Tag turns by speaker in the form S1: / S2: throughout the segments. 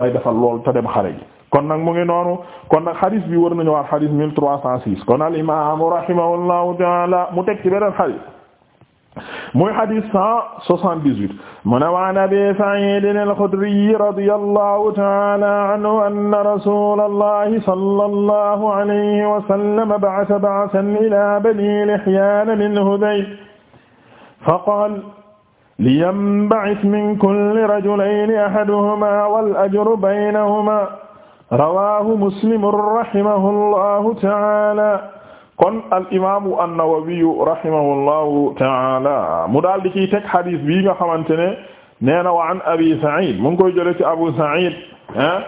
S1: ay defal lool te dem xare ji kon nag mu ngi noonu kon nag xadis bi war nañu war xadis mille trois cent six kon al imam rahimahullahu taala mu teg ci beneen xadis muy xadis cent soixante dix huit mu ne waan abi Sa'id al-Khudri radiyallahu taala anhu anna rasulallahi sallallahu alayhi wa sallam ba'atha ba'athan ila bani Lihyan min Hudayl faqala liyanba'ith min kulli rajulayni ahaduhumaa wal ajru baynahumaa rawaahu muslim rahimahullahu ta'aala kon al imaamu an-Nawawi rahimahullahu ta'aala mu daal di ciy teg xadis bii nga xamante ne nee na wa an Abi Sa'iid mu ngi koy jëlee ci Abu Sa'iid ah,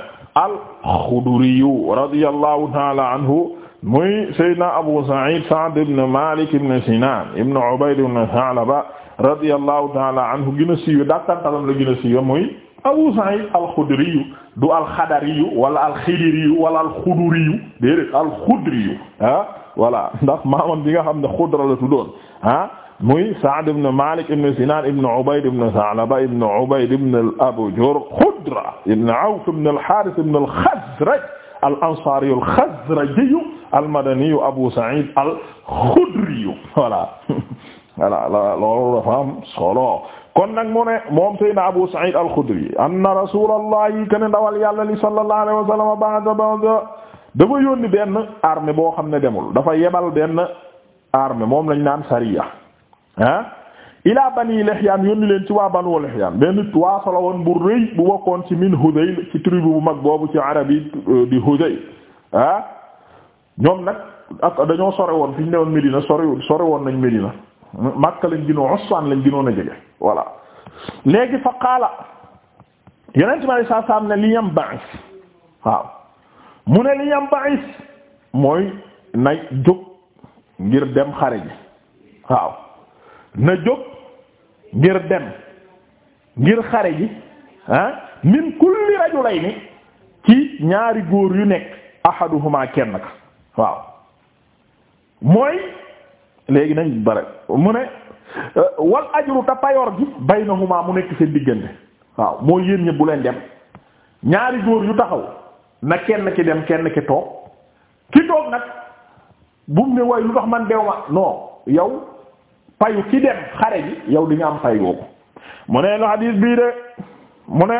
S1: al-Xudri radiyallahu ta'aala anhu muy Seydina Abu Sa'iid Sa'd ibn Maalik ibn Sinaan ibn Ubayd ibn Tha'laba radiyallahu taala anhu gën a siiwe dakkantalam la gën a siiwe muy Abu Sa'id al-Khudri du al-Khadari wala al-Khidri wala al-Khudri déedéet al-Khudri ah voilà ndax maamam bi nga xam ne Khudra la tuddoon ah muy Sa'd ibn Malik ibn Sinan ibn Ubayd ibn Sa'laba ibn Ubayd ibn al-Abjar Khudra ibn Awf ibn al-Harith ibn al-Khazraj al-Ansari al-Khazraji al-Madani Abu Sa'id al-Khudri voilà voilà loolu dafa am solo kon nag mu ne moom Seydina Abu Sa'id al-Khudri anna rasulallahi kana ndawal yàlla li sallallahu alayhi wa sallam ba'da ba'da dafa yónni benn armée boo xam ne demul dafa yebal benn armée moom lañ naan sariya ah ilaa bani Lihyaan yónni leen ci waa banu Lihyaan benn waa solo woon bu rëy bu bokkoon ci min Hudayl ci tribu bu mag boobu ci arab euh, di Hudayl ah ñoom nag dañoo sore woon fi ñu ne woon Médina sore sore woon nañ Médina Makka lañ gënoon a jege voilà léegi fa qaala yonent bi saa saa am ne li yam ba'is waaw mu ne li yam ba'is mooy na jóg ngir dem xare ji na jóg ngir dem ngir xare ji ah min kulli rajulayni ci ñaari góor yu nekk ahaduhuma kenn ka mooy. léegi nañ bare mu ne euh, wal ajru ta payoor gi bay baynahuma mu nekk seen diggante waaw moo yéen ñi bu leen dem ñaari góor yu taxaw na kenn ki dem kenn ki toog ki toog nag bu mu way lu tax man dew ma noo yow payu ki dem xare ji yow di nga am pay googu mu ne lu hadis bii de mu ne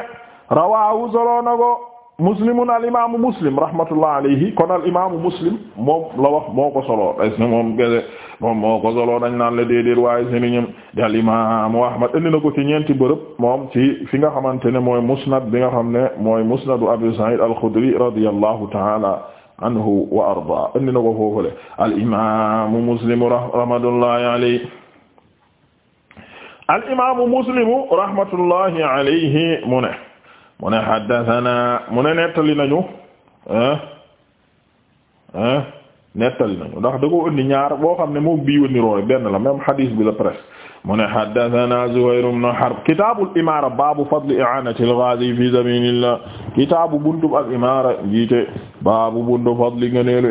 S1: rawaahu solo ko muslimun al imaamu muslim rahmatullah alayhi kon al muslim la wax moo ko solo est ce moom gese moo ko solo dañ naan la déedéet waaye sëriñam di al imaamu ahmad indi na ko ci ñeenti bërëb moom ci fi nga xamante ne mooy musnad bi nga xam ne mooy musnadu abu sa'id al-khudri radiyallahu ta'ala anhu wa arda indi na ko foofule al muslim rahmatullahi alayhi al muslim rahmatullahi alayhi mu mu ne haddathana mu ne nettali nañu ah ah nettali nañu ndax da ko indi ñaar boo xam ne moom bii wëndiroo rek benn la même hadith bi la presque mu ne haddathana Zuhayr ibn Harb kitaabul imaara baabu fadli i'aanatil ghaazi fi sabiilillah kitaabu buntu al imaara jiite baabu buntu fadli ngëneelu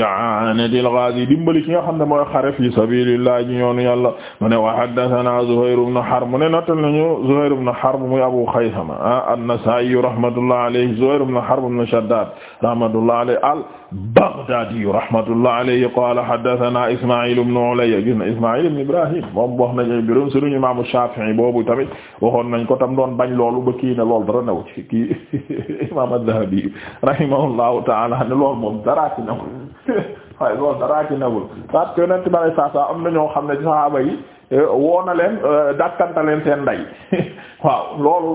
S1: i'aanatil ghaazi dimbali ki nga xam ne mooy xare fi sabiilillah ji yoonu yàlla mu ne wa haddathana Zuhayr ibn Harb mu ne nattal nañu Zuhayr ibn Harb muy Abu Khaythama ah, an-Nasaa'i rahmatullahi alayhi Zuhayr ibn Harb ibn Shaddaad rahmatullahi alayhi al-Baghdaadi rahmatullahi alayhi qaala haddathana Ismaa'iil ibn Ulayya Ismaa'iil ibn Ibraahiim moom wax nañu mbirum suñu imaamu Shafi'i boobu tamit waxoon nañ ko tam doon bañ loolu ba kii ne loolu dara new ci kii imaam Az-Zahabi rahimahullahu ta'ala ne loolu moom daraa ci newul waaye loolu daraa ci newul parce que yonent am na ñoo xam ne ci sahaaba yi eh, woona leen eh, dàkkanta leen seen ndey waaw loolu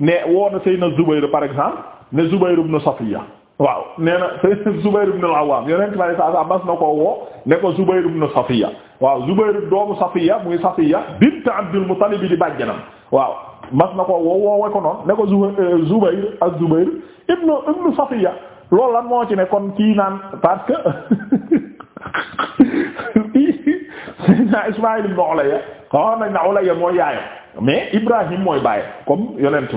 S1: ne woona Seydina Zubayr par exemple ne Zubayr ibn Safiya waaw nee na Zubayr ibn al-Awwam yonent bi saa saa mas na ko woo ne ko Zubayr ibn Safiya waaw Zubayr doomu Safiya muy Safiya bint Abdul Muttalib di bàjjanam waaw mas na ko woo woowee ko noonu ne ko euh, Zubayr ak Zubayr ibn ibn Safiya lool lan moo ci ne kon kii naan parce que Seydina Ismaïl ibn Ulayya xawoon nañ na Ulayya mooy mooy baayam comme yonent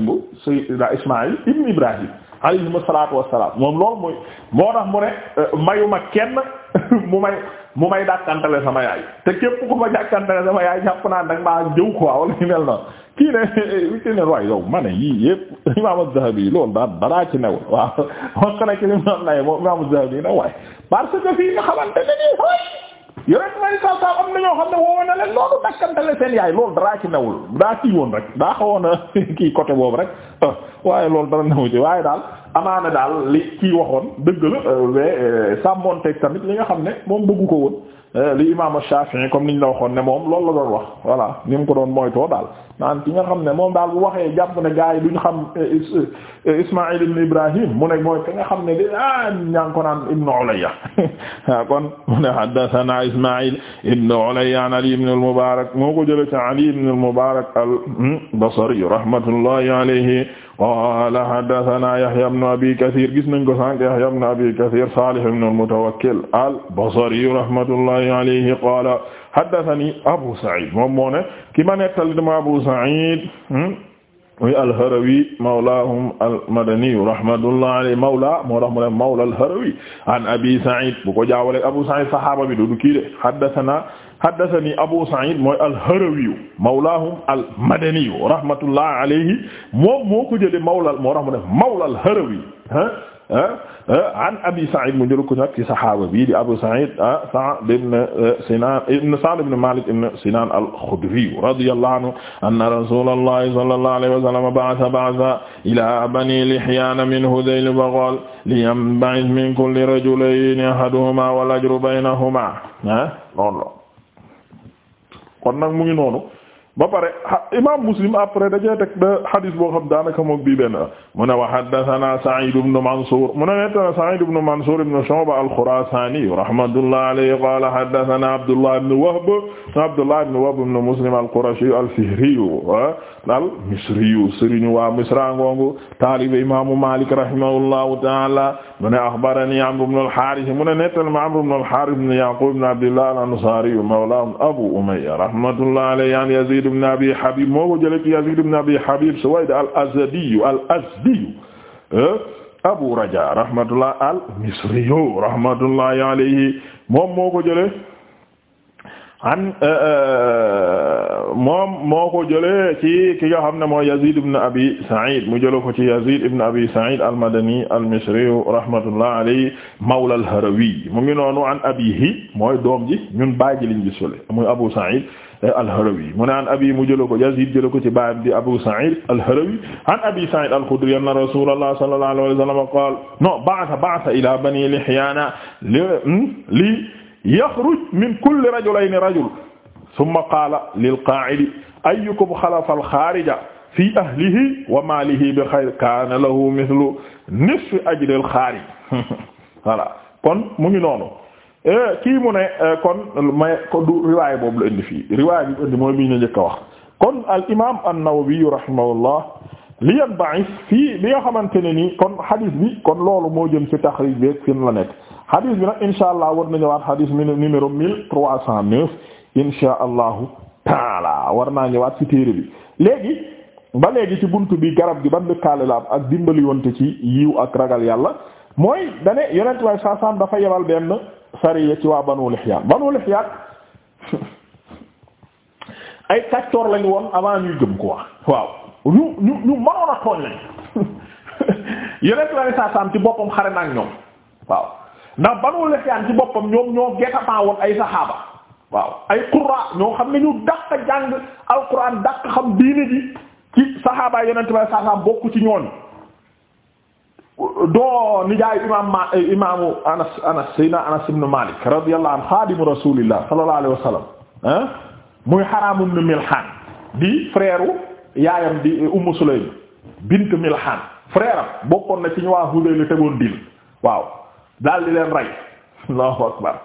S1: Ibrahim alayhimu salaatu wassalaam moom loolu mooy moo tax mu ne euh, mayuma kenn mu may mu may dàkkantale sama yaay te képp ku ma dàkkantale sama yaay jàpp naa nag maa jëw quoi wala ñu mel noonu kii ne kii ne waay yow ma ne yii yëpp Imaam Az-Zahabi loolu daa daraa ci newul waaw wax na ci li mu doon lay moom Imaam waay parce que fii nga xamante ne nii yonent may saa saa am na ñoo xam ne woo na leen loolu dakkantale seen yaay loolu daraa ci newul daa kii woon rek daa xawoon kii côté boobu rek ah waaye loolu dara newu ci waaye daal amaana daal li kii waxoon dëgg la euh, mais euh, sàmmoon teg tamit li nga xam ne moom bëggu ko woon Eh, li imaamu a comme niñ la waxoon ne moom lool la doon wax voilà ni mu ko doon moytoo daal naan ki nga xam ne moom daal bu waxee jàpp ne gaa yi duñ xam eh, eh, Ismaïl ibn Ibrahim mu ne mooy ki nga xam ne di ah ñaa ko naan ibn Ulayya ah, kon mu ne haddathana Ismaïl ibn Ulayya an Ali ibn al-Mubarak moo ko jëlee ci Ali ibn al-Mubarak al-Basri qaala haddasanaa Yahyaa ibnu Abii Kasiir gis nañ ko sànq Yahyaa ibnu Abii Kasiir Saalih ibnu al-Mutawakkil al-Basri rahmatullahi alayhi qaala haddasanii Abuu Sa'iid moom moo ne ki ma nettali dama Abuu Sa'iid hmm? muy al-Harawi mawlaahum al-Madani rahmatullahi alayhi mawla moo tax mu ne mawla al-Harawi an Abii Sa'iid bu ko jaawalee Abuu Sa'iid saxaaba bi du kii de haddasanaa haddasani Abu Sa'id mooy al-Harawiyu mawlaahum al-Madaniyu rahmatullahi alayhi moom moo ko jëlee mawla moo tax mu ne mawla al-Harawi ah ah an Abi Sa'id mu jël ko nag ci saxaaba bii di Abu Sa'id ah Sa'd ibn eh, Sinan ibn Sa'd ibn Malik ibn Sinan al-Khudriyu radiyallahu anhu anna rasulallahi sallallahu alayhi wa sallam ba'atha ba'than ila bani Lihyaan min Hudayl fa qaala liyanba'ith min kulli rajulayn ahaduhumaa wal ajru baynahumaa ah noonu la kon nag mu ngi noonu ba pare imam Muslim après dajee teg da hadith boo xam daanaka moom bii benn mu ne wa haddathana Sa'id ibn Mansur mu ne nettana Sa'id ibn Mansur ibn Shu'ba al-Khurasani rahmatullahi alayhi qala haddathana Abdullah ibn Wahb Abdullah ibn Wahb ibn Muslim al-Qurashi al-Fihri al-Misri sëriñu waa Misra ngongu taalibe imaamu Malik rahimahullahu ta'ala mu ne axbarani Amr ibn al-Haaris mu ne nettal ma Amr ibn al-Haaris ibn Yaqub ibn Abdillah al-Ansaari mawlaahum Abu Umayya rahmatullahi alayhi an Yaziid ibn Abi Habiib moo ko jëlee ci Yaziid ibn Abi Habiib Suwayd al-Azdi al-Azdi eh, Abu Rajaa rahmatullah al-Misri rahmatullahi alayhi moom moo ko jëlee an euh, euh, moom moo ko jëlee ci ki nga xam ne mooy Yazid ibn Abi Sa'id mu jëlee ko ci Yazid ibn Abi Sa'id al-Madani al-Misri rahmatullah alayhi mawla al-Harawi mu ngi noonu an abihi mooy doom ji ñun baay ji liñ gis sole muy Abu Sa'id euh, al-Harawi mu ne an abi mu jëlee ko Yazid jëlee ko ci baayam di Abu Sa'id al-Harawi an Abi Sa'id al-Khudri anna Rasulullah sallallahu alayhi wa sallam qaala no ba'atha ba'atha ila bani Lihyana li hmm, yaxruj min kulli rajulayni rajul summa qaala lil qaa'idi ayyukum xalafa al xaarija fi ahlihi wa maalihi bi xayr kaana lahu mithlu nisfi ajril xaarij voilà kon mu ngi noonu eh, kii mu ne eh, kon may ko du riwaay boobu la indi fii riwaay bi indi mooy bi ñu njëkk a wax kon al imaam an-Nawawi rahimahullah li yanba'is fii bi nga xamante ne nii kon hadith bi kon loolu moo jëm ci taxriij bi ak fi la nekk. xadis bi nag insha allah war nañu waat xadis mi numéro mille trois cent neuf insha allahu taala war naa ñëwaat ci téere bi léegi ba léegi ci bunt bi garab gi ban lëkkaale la ak dimbali wonte ci yiw ak ragal yàlla mooy dane yonent way saa saam dafa yebal benn sariya ci waa Banu Lihyaan Banu Lihyaan ay kaccoor lañu woon avant ñuy gëm quoi waaw ñu ñu ñu mënoon a tooñ lañ yonent saa saam ci boppam xare na ak ñoom waaw ndax banu lefyaan ci boppam ñoom ñoo getamaa woon ay saxaaba waaw ay qurra ñoo xam ne ñu dàq jàng alquran dàq xam diine ji ci saxaaba yonent ba saasaam bokk ci ñoon doo nijaay imaam ma eh, imaamu anas anas sayna anas ibn malik radiyallahu xaadimu rasulillah sallallahu alayhi wa sallam ah muy Haraam ibn Milhan di frère yaayam di Umm Sulaym bint Milhan frère bokkoon na ci ñu waa Hudayl tegoon dil waaw daal di leen rey allahu akbar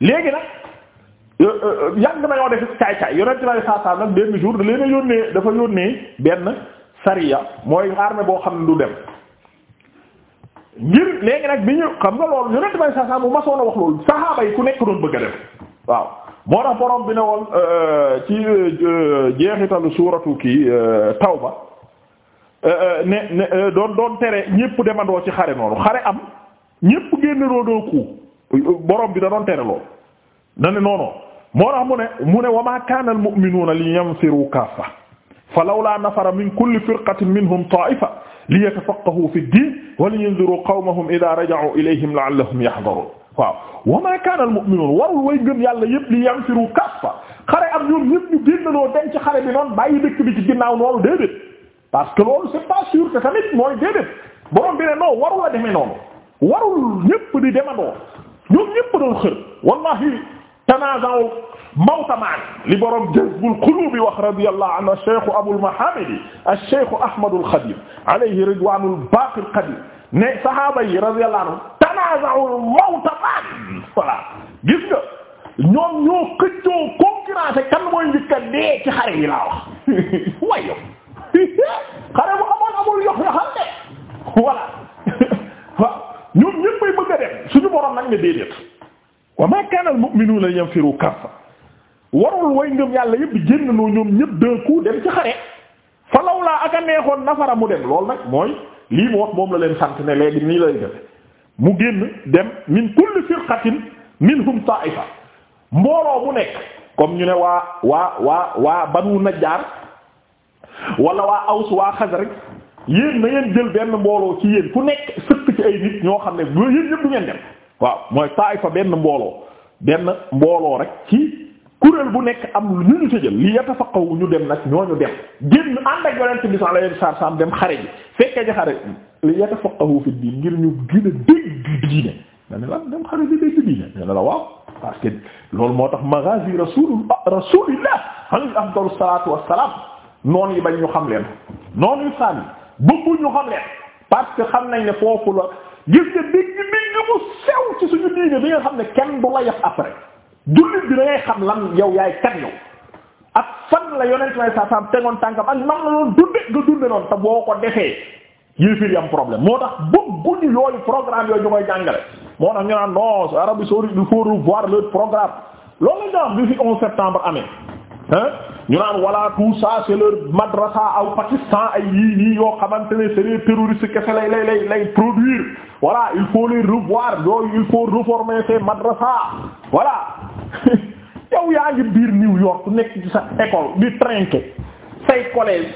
S1: léegi nag yàgg nañoo def caay caay yonent bi saa saa nag benn jour leen a yónnee dafa yónnee benn sariya mooy armée boo xam ne du dem ngir léegi nag bi ñu xam nga loolu yonent bi saa saa bu masoon a wax loolu saxaaba yi ku nekk doon bëgg a dem waaw moo tax boroom bi ne woon euh, ci euh, jeexitalu suuratu kii euh, Tawba ne ne doon doon tere ñépp demandoo ci xare noonu xare am. ñépp génn roodoo ku borom bi da doon tere lool na ne non non moo tax mu mu wa maa kaana al mu'minuuna li yanfiru kaaffa fa lawlaa nafara min kulli firqatin minhum taa'ifa li yatafaqqahu fi diin wa li yunziru qawmahum idaa raja'u ilayhim la'allahum yahdaruun waaw wa maa kaana al mu'minuun li yanfiru kaaffa xare am ñoom ñépp ñu génn doo dem ci xare bi noonu bàyyi ci ginnaaw noonu déedéet parce que loolu c'est pas sûr que tamit bi ne non warul a demee noonu. warul ñépp di demandoo ñoom ñépp doon xër wallahi tanaazaw mawtamaan li borom jazbul qulubi wax radiyallahu anhu ash-shaykh abul mahamidi ash-shaykh ahmadul xadim alayhi ridwanul baqil qadim ne sahaaba yi radiyallahu anhu tanaazawul mawtamaan voilà gis nga ñoom ñoo xëccoo concurrence kan mooy njëkk a dee ci xare yi laa wax wayo xare bu amoon amul yox yoo xam ne voilà waaw ñoom ñëpp bay bëgg a dem suñu borom nag ne déedéet wa ma kana al mu'minuna yanfiru kaffa warul way ngëm yàlla yëpp génn noo ñoom ñëpp d'un coup dem ci xare fa ak a neexoon nafara mu dem loolu nag mooy lii mu wax moom la leen sant ne léegi nii lay def mu génn dem min kulli firqatin minhum ta'ifa mbooloo bu nekk comme ñu ne waa waa waa waa banu najjar wala waa aws waa xasraj yéen na ngeen jël benn mbooloo ci yéen ku nekk ci ay nit ñoo xam ne bu yéen du ngeen dem waaw mooy taay taifa benn mbooloo benn mbooloo rek ci kuréel bu nekk am lu ñu ñu tëjal li yatafaqaw ñu dem nag ñooñu dem génn ànd ak yonent bi sallallahu alayhi wasallam dem xare ji fekkee ji ñu gën a dégg diine da ne la la waaw parce que loolu moo tax maghazi rasul rasulillah alayhi afdalu salatu wassalam noon yi bañ ñu xam leen noonu yu sànni bëgguñ ñu xam leen parce que xam nañ ne foofu la gis nga dégg dégg mu sew ci suñu diine bi nga xam ne kenn du la yaf après jullit bi da ngay xam lan yow yaay kat yow ak fan la yonent may sa sam tegoon tànkam ak nan la doon dunde nga dunde noonu te boo ko defee yéefir yi am problème moo tax bëgguñu yooyu programme yooyu ñu koy jàngale moo tax ñu naan non Arabie saoudite il faut revoir leur programme loolu la ñu septembre amee hein ñu naan voilà tout ça c'est leur madrasa aw Pakistan ay yii yii yoo xamante ne c'est les terroristes kese lay lay lay lay produire voilà il faut les revoir yooyu il faut réformer ces madrasa voilà yow yaa ngi biir New York nekk ci sa école di trinquer say collège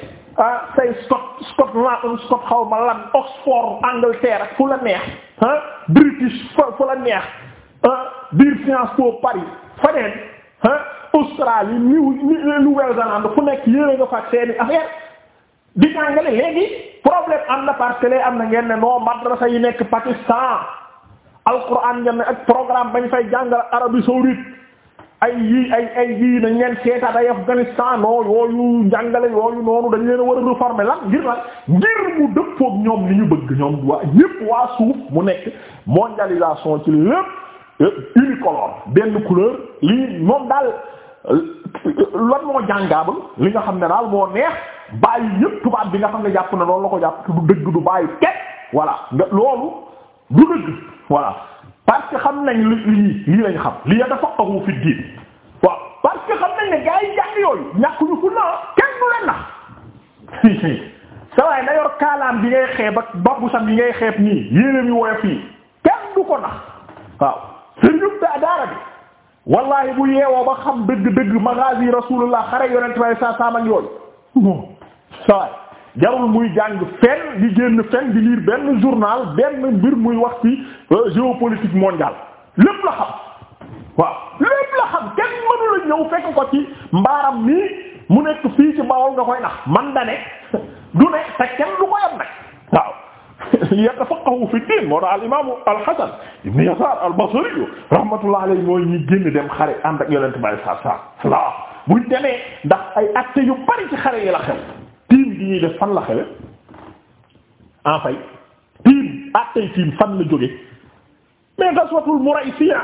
S1: say Scott Scotland Scott xaw ma lan Oxford Angleterre fu la neex ah British fu la neex ah biir Sciences Po Paris faneen ah Australie New Nouvelle-Zélande fu nekk yéen nga fa seeni affaire di jàngale léegi problème am na parce que am na ngeen ne non madrasa yi nekk Pakistan alquran ngeen ne ak programme bañ fay jàngal Arabie saoudite ay yii ay ay yii nañ leen seetaat ay Afghanistan non yooyu njàngale yooyu noonu dañ leen a war a réformer lan ngir lan ngir mu dëppook ñoom li ñu bëgg ñoom waa ñépp waa suuf mu nekk mondialisation ci lépp euh, unicolore benn couleur lii moom daal. lan moo jàngaabal li nga xam ne daal moo neex bàyyi yëpp tubaab bi nga xam ne jàpp na lool la ko jàpp du dëgg du bàyyi teg voilà loolu du dëgg voilà parce xam nañ li lii lii lañ xam lii yatafaqahu fi diin waaw parce xam nañ ne gaa yi yooyu ñàkk ñu fu naa kenn du leen nax sawaay na yor kaalaam bi ngay xeeb ak babbu sam bi ngay xeeb nii yéenéem yu woyof yi kenn du ko nax waaw sëriñ bi daara bi wallahi bu yeewoo ba xam dëgg-dëgg maghazi rasulullah xare yonent way sa saam ak yooyu moom sawaay jarul muy jàng fenn di génn fenn di lire benn journal benn mbir muy wax ci euh, géopolitique mondiale lépp la xam waaw lépp la xam kenn mënu ñëw fekk ko ci mbaaram nii mu nekk fii ci Bawol nga koy nax man da ne du ne te kenn du ko yam nag yatafaqahu fi diin moo tax al imaamu al-Hasan ibn Yasaar al-Basri rahmatullah alayhi mooy ñi génn dem xare ànd ak yonent bi saa saa waaw buñ demee ndax ay actes yu bari ci xare yi la xew tiim gi ñuy def fan la xewe en fait tiim actes tiim fan la jóge mais gaswatul Muraysiya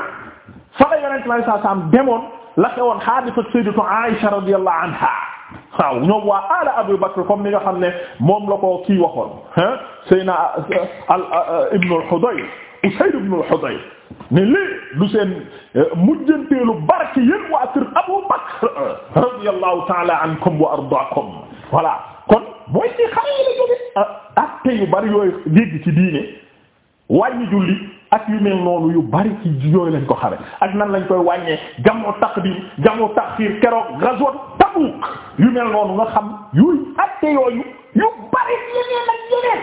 S1: fa la yonent bi saa saa demoon la xewoon xaadisatu sayyidatu Aisha radiyallahu anha waaw ñoom waa ala Abu Bakr comme ni nga xam ne moom la ko kii waxoon ah Seyna euh, al euh, Ibn al-Hudayr Usayd ibn al-Hudayr ne lii du seen euh, mujjanteelu barke yéen waa kër Abu Bakr radiyallahu ta'ala ankum wa ardaakum voilà kon mooy ci xare yi la jóge acte yu bari yooyu dégg ci diine wàññi julli ak yu mel noonu yu bari ci yooyu lañ ko xare ak nan lañ koy wàññee jamoo taqdim jamoo taxiir keroog ghazwat Tabuk yu mel noonu nga xam yooyu atte yooyu yu bari yeneen ak yeneen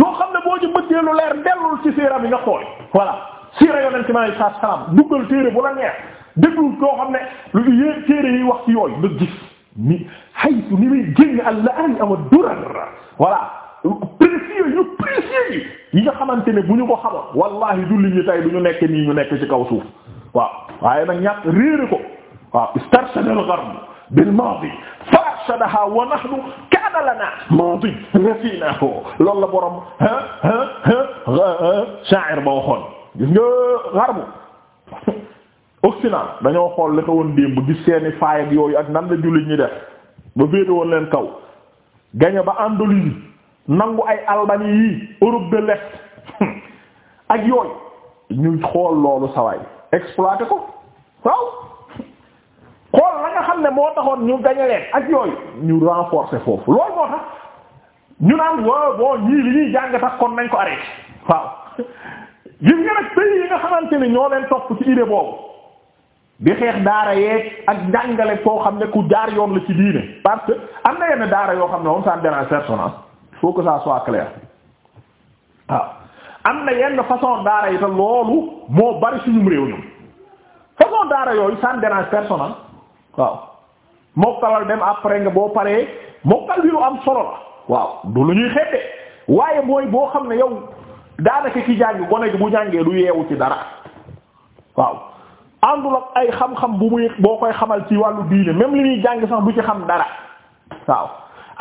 S1: yoo xam ne boo ci bëggee lu leer dellul ci siira bi nga xool voilà siira yonent mi alayhi salaatu salaam duggal téere bu la neex déglu koo xam ne lu yéen téere yi wax ci yooyu nga gis ni haytu ni muy génn al-la'aan aw ad-durar voilà précieux yu précieux yi nga xamante ne bu ñu ko xamoon wallahi julli ñi tey du ñu nekk nii ñu nekk ci kaw suuf waaw waaye nag ñàkk réere ko waaw istarshad al bil maadi fa arshadaha wa nahnu kaana lana maadi nasinahu loolu la borom ah ah ah sha'ir ba waxoon gis nga xarbu occident dañoo xool li xewoon démb gis seeni faay ak yooyu ak nan la jullit ñi def ba féete woon leen kaw gañe ba Andalousie nangu ay Albanie yi Europe de l'Est ak yooyu ñu xool loolu sawaay exploité ko waaw xool na nga xam ne moo taxoon ñu gañe leen ak yooyu ñu renforcer foofu loolu moo tax ñu naan waaw bon ñii li ñuy jàng tax kon nañ ko arrêté waaw gis nga nag pays yi nga xamante ne ñoo leen topp ci idée boobu di xeex daara yeeg ak njàngale koo xam ne ku jaar yoon la ci diine parce que am na yenn daara yoo xam ne moom saa dérange personne il faut que ça soit clair waaw am na yenn façon daara yi te loolu moo bari suñu réew ñun façon daara yooyu ça dérange personne waaw mokkalal dem après nga boo paree mokkal bi lu am solo la waaw du lu ñuy xeete waaye mooy boo xam ne yow daanaka ki jàng gone gi bu jàngee du yeewu ci dara waaw àndul ak ay xam-xam bu muy boo koy xamal ci wàllu diine même li ñuy jàng sax bu ci xam dara waaw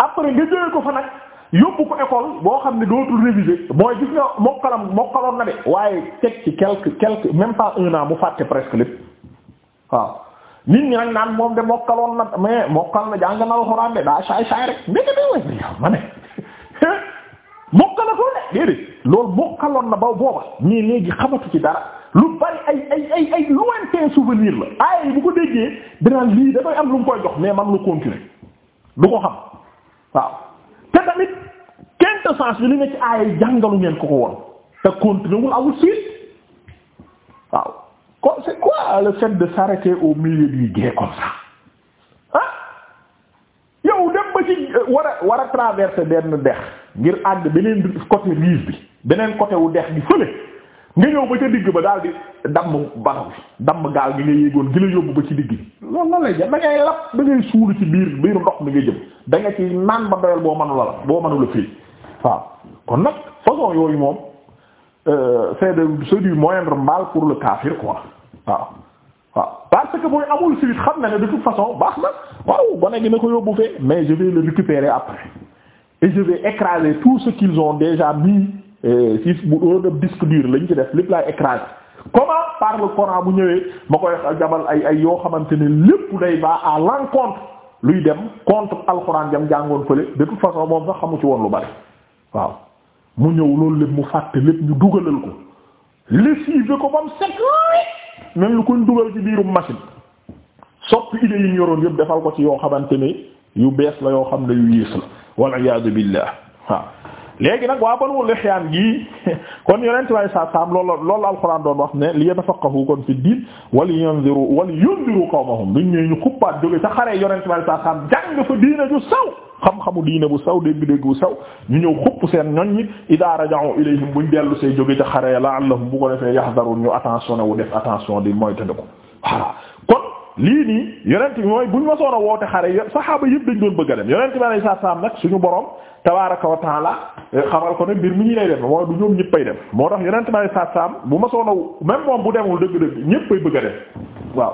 S1: après nga jëlee ko fa nag yóbbu ko école boo xam ne dootul réviser mooy gis nga mokkalam mokkaloon na de waaye teg ci quelque quelque même pas un naa mu fàtte presque lépp waaw nit ñi nag naan moom de mokkaloon na mais mokkal na jàng na alxuraan de daa saay saay rek ndeke de way yow ma ne mokkalatoo de loolu mokkaloon na ba booba mais léegi xamatu ci dara lu bari ay ay ay ay lointain souvenir la ay bu ko déggee dinaan lii dafay am lu mu koy jox mais man lu continuer du ko xam waaw te tamit quintessence bi li ne ci aaya jàngalu ngeen ko ko woon te continuer wul awul suite waaw c'est quoi le fait de s'arrêter au milieu du gué comme ça ah yow dem ba ci euh, war a war a traverser benn dex ngir àgg beneen côté rive bi beneen côté wu dex gi fële nga ñëw ba ca digg ba daal di damm baraw bi damm gaal gi nga yéegoon gi la yóbbu ba ci digg bi loolu la lay jar da ngay ngay suulu ci biir biir ndox mi nga jëm da nga ci naan ba doyal boo mënula la boo mënula fii waaw kon nag façon yooyu moom euh, c'est de c'est du moindre mal pour le kafir quoi waaw waaw parce que mooy amul suite xam na ne de toute façon baax na waaw ba léegi na ko yóbbu fee mais je vais le récupérer après et je vais écraser tout ce qu'ils ont déjà mis euh, si bu doon disque dur lañ ci def lépp laa écraser comment par le Coran bu ñëwee ma koy jabal ay ay yoo xamante ni lépp day baax à l'encontre luy dem contre alxuraan jam jàngoon fële de toute façon moom sax xamu ci woon lu bari waaw mu ñëw loolu lépp mu fàtte lépp ñu dugalal ko même lu koñ dugal ci biirum machine soppi idées yi ñu yoroon yëpp defal ko ci yoo xamante ni yu bees la yoo xam ne yu yiis la wal iyaadu billah waaw léegi nag waa Banu Lihyaan gii kon yonent way sa sam loolu loolu alxuraan doon wax ne li yatafaqahu kon fi diin wal yanziru wal yunziru qawmahum duñ ñëw ñu xuppaat jóge ca xare yonent way sa sam jàng fa diina ju saw xam-xamu diine bu saw dégg-dégg bu saw ñu ñëw xupp seen ñoñ ñi idaa raja'u ilayhim buñ dellu see jóge ca xare la'allahum bu ko defee yahdarun ñu attention ne wu def attention di mooy ko voilà kon lii nii yonent bi mooy buñ ma soon a woote xare saxaaba yëpp dañ doon bëgg a dem yonent bi alayhi salaam suñu borom tabaaraka wa taala eh, xamal ko ne mbir mi ñi lay dem mooy du ñoom ñëppay moo tax yonent bi alayhi salaam bu ma soon a même moom bu demul dëgg-dëgg ñëppay bëgg a dem waaw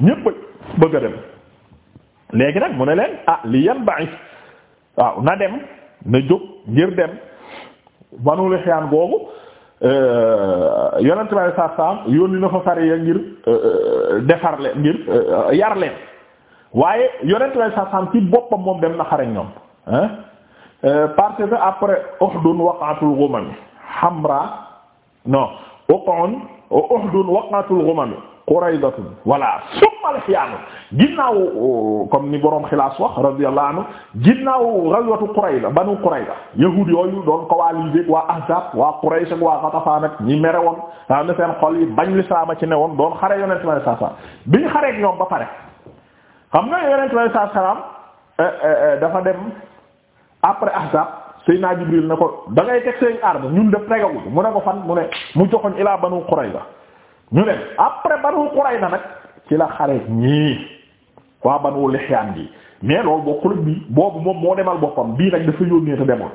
S1: ñëppay bëgg a dem léegi nag mu ne leen ah li yan bàyyi waaw na dem na jóg ngir dem banu Lihyaan googu euh, yonent bi saa saam na fa sariya ngir euh, euh, defar leen ngir yar leen waaye yonent bi saa ci boppam moom dem na xare ñoom hein parce que après Uhdun waqatul ghumam Hamra non Uqun Uhdun waqatul ghumam Quraydatun voilà yawmal xiyaama ginnaaw uh, comme ni borom xilaas wax radiyallahu anhu ginnaaw ghazwatu Qurayza banu Qurayza yahuud yooyu doon coalisé waa Ahzab waa Quraysh ak waa Ghatafaan ñi mere woon seen xol yi bañ lislaama ci ne woon doon xare yonent sallallahu alayhi wasallam bi ñu xareek ñoom ba pare xam nga yonent sallallahu eh, eh, eh, dafa dem après Ahzab Seydina Jibril na ko da ngay teg seen arme ñun def regaguñ mu ne ko fan mu ne mu joxoñ ilaa Banu Qurayza ñu ne après Banu Qurayza ci la xareet ñii waa Banu Lihyaan gi mais loolu bokkul bi boobu moom moo demal boppam bii nag dafa yónnee te demoon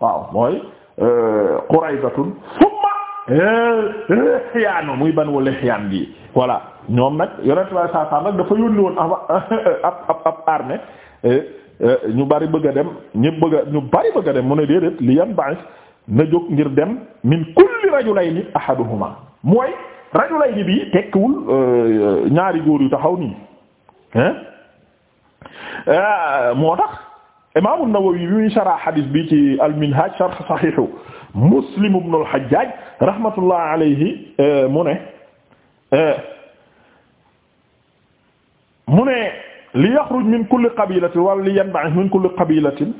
S1: waaw mooy euh, Qurayzatun summa euh, Lihyaan muy Banu Lihyaan gi voilà ñoom nag yonent bi saa saa dafa yónni woon ab ab ab armée euh, ñu bari bëgg a dem ñëpp bëgg a ñu bari bëgg dem mu ne déedéet li yan baax na jóg ngir dem min kulli rajulayni ahaduhuma mooy rajulayni bi tekkiwul euh, ñaari góor yu taxaw nii euh, moo tax imaam an-Nawawi bi muy sarah hadith bi ci al-Minhaj sharh sahih Muslim ibn al-Hajjaj rahmatullah alayhi euh, mu ne mu ne li yaxruj min kulli qabilatin wala li yanba'ith min kulli qabilatin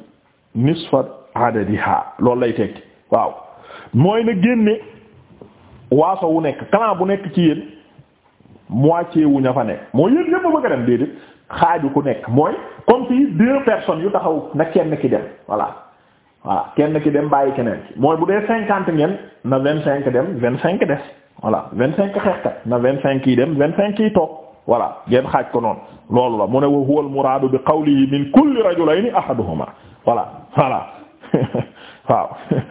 S1: nisfa adadiha loolu lay tekki waaw mooy na génne waaso wu nekk clan bu nekk ci yéen moitié wu ña fa nekk mooy yéen yépp bëgg a dem déedéet xaaju ku nekk mooy comme si deux personnes yu taxaw na kenn ki dem voilà voilà kenn ki dem bàyyi keneen ki mooy bu dee cinquante ngeen na vingt cinq dem vingt cinq des voilà vingt cinq xeexkat na vingt cinq yi dem vingt cinq yi toog voilà ngeen xaaj ko noonu loolu la mu ne wa huwa al muraadu bi qawlihi min kulli rajulayni ahaduhuma voilà voilà waaw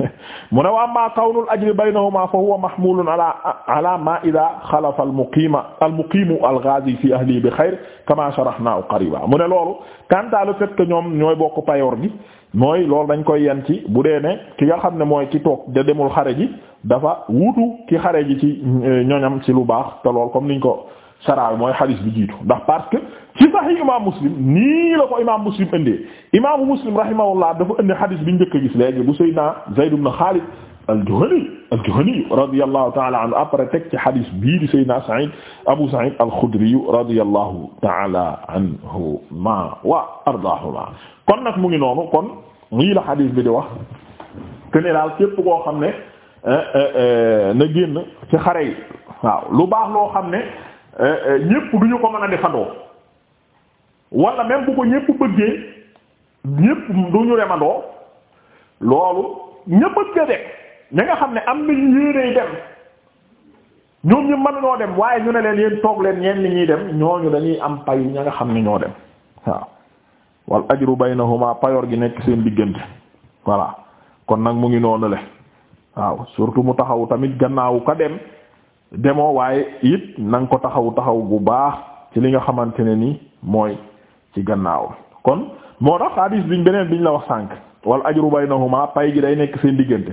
S1: mu ne waa ma kawnul ajri baynahuma fa huwa mahmulun ala ala ma ida xalafa al muqima al muqimu al ghazi fi ahli bi xayr kama sharahna qariba mu ne loolu quant le fait ñoom ñooy bokk payoor gi mooy loolu dañ koy yan ci bu dee ne ki nga xam ne mooy ki toog da demul xare ji dafa wuutu ki xare ji ci euh, ñoñam ci lu baax te lool comme niñ ko saraaw mooy xadis bi jiitu ndax parce que ci Sahih imam Muslim nii la ko imam Muslim indee imaamu Muslim rahimahullah dafa indi xadis bi njëkk a gis léegi bu Seydina Zayd ibn Khalid a juhani al-Juhani radiyallahu ta'ala anhu après teg ci xadis bii Sa'id Abu Sa'id al-Khudri radiyallahu ta'ala anhuma wa ardaahuma kon nag mu ngi noonu kon lii la xadis bi di wax que ne daal képp eh, eh, eh, lu baax loo xam ne. Euh, euh, ñépp du ñu ko mën a defandoo wala même bu ko ñépp bëggee ñépp du ñu demandoo loolu ña bëgg dem ña nga xam ne am nañu yéenay dem ñoom ñu mën noo dem waaye ñu ne leen yéen toog leen ñeen ni ñuy dem ñooñu dañuy am payu ña nga xam ne ñoo dem waaw wal ajru baynahuma payoor gi nekk seen diggante voilà kon nag mu ngi noonu le waaw surtout mu taxawu tamit gannaawu ka dem demoo waaye it na ko taxaw taxaw bu baax ci li nga xamante ne ni mooy ci gannaaw kon moo tax xadis biñ beneen ñu la wax sànq wal ajru baynahuma pay gi day nekk seen diggante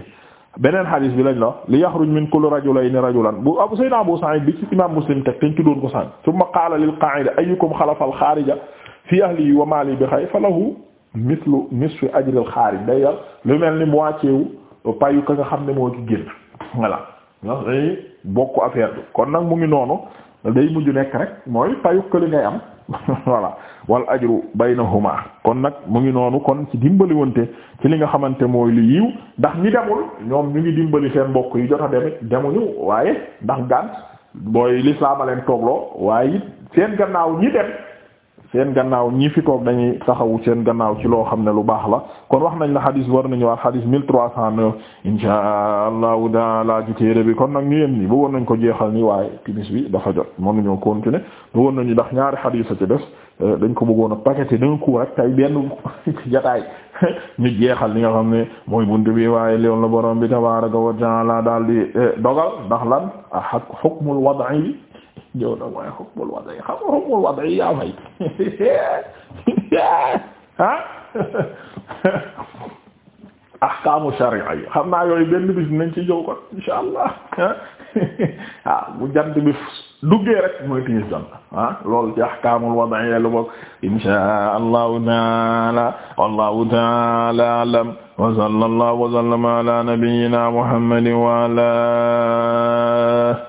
S1: beneen xadis bi lañ la li yaxruj min kulli rajulayni rajulan bu abu sayyid abu sa'id bi ci imam muslim teg teñ ci doon ko sànq thumma qaala lil qa'ida ayyukum xalafa al xaarija fi ahlihi wa maalihi bi xayr falahu mithlu nisfi ajri al xaarij day yàl lu mel ni moitié wu payu ka nga xam ne moo ci bokk affaire bi kon nag mu ngi noonu day mujj nekk rek mooy payukkali ngay am voilà wal ajru baynahuma kon nag mu ngi noonu kon ci dimbaliwonte ci li nga xamante mooy li yiw ndax ñi demul ñoom ñu ngi dimbali seen mbokk yi jot a demit demuñu waaye ndax gànt mooy lislaama leen toogloo waaye it seen gannaaw ñi dem seen gannaaw ñii fi toog dañuy taxawu seen gannaaw ci loo xam ne lu baax la kon wax nañ la xadis war nañu wax xadis mille trois cent neuf insha allahu taala ci téere bi kon nag ñu yem ni bu woon nañ ko jeexal ni waaye timis bi dafa jot mënuñoo continuer bu woon nañu ndax ñaari xadis a ci des euh, dañ ko bëggoon a paqueté d'un coup rek tay benn jataay ñu jeexal li nga xam ne mooy bunt bi waaye loolu la borom bi tabaraka wa taala daal di euh, dogal ndax lan ak hukmul wad'i ñëw na mooy xukmul wada yi xam nga xukmul wada yi yaa fay ah ahkaamu sharia yi xam naa yooyu benn bis nañ ci jow kon insha allah ah bu jant bi duggee rek mooy tiis jant ah loolu ci ahkaamul wada yi lu bokk insha allahu taala wallahu taala alam wa sallallahu wa sallama ala nabiyyina muhammadin wa ala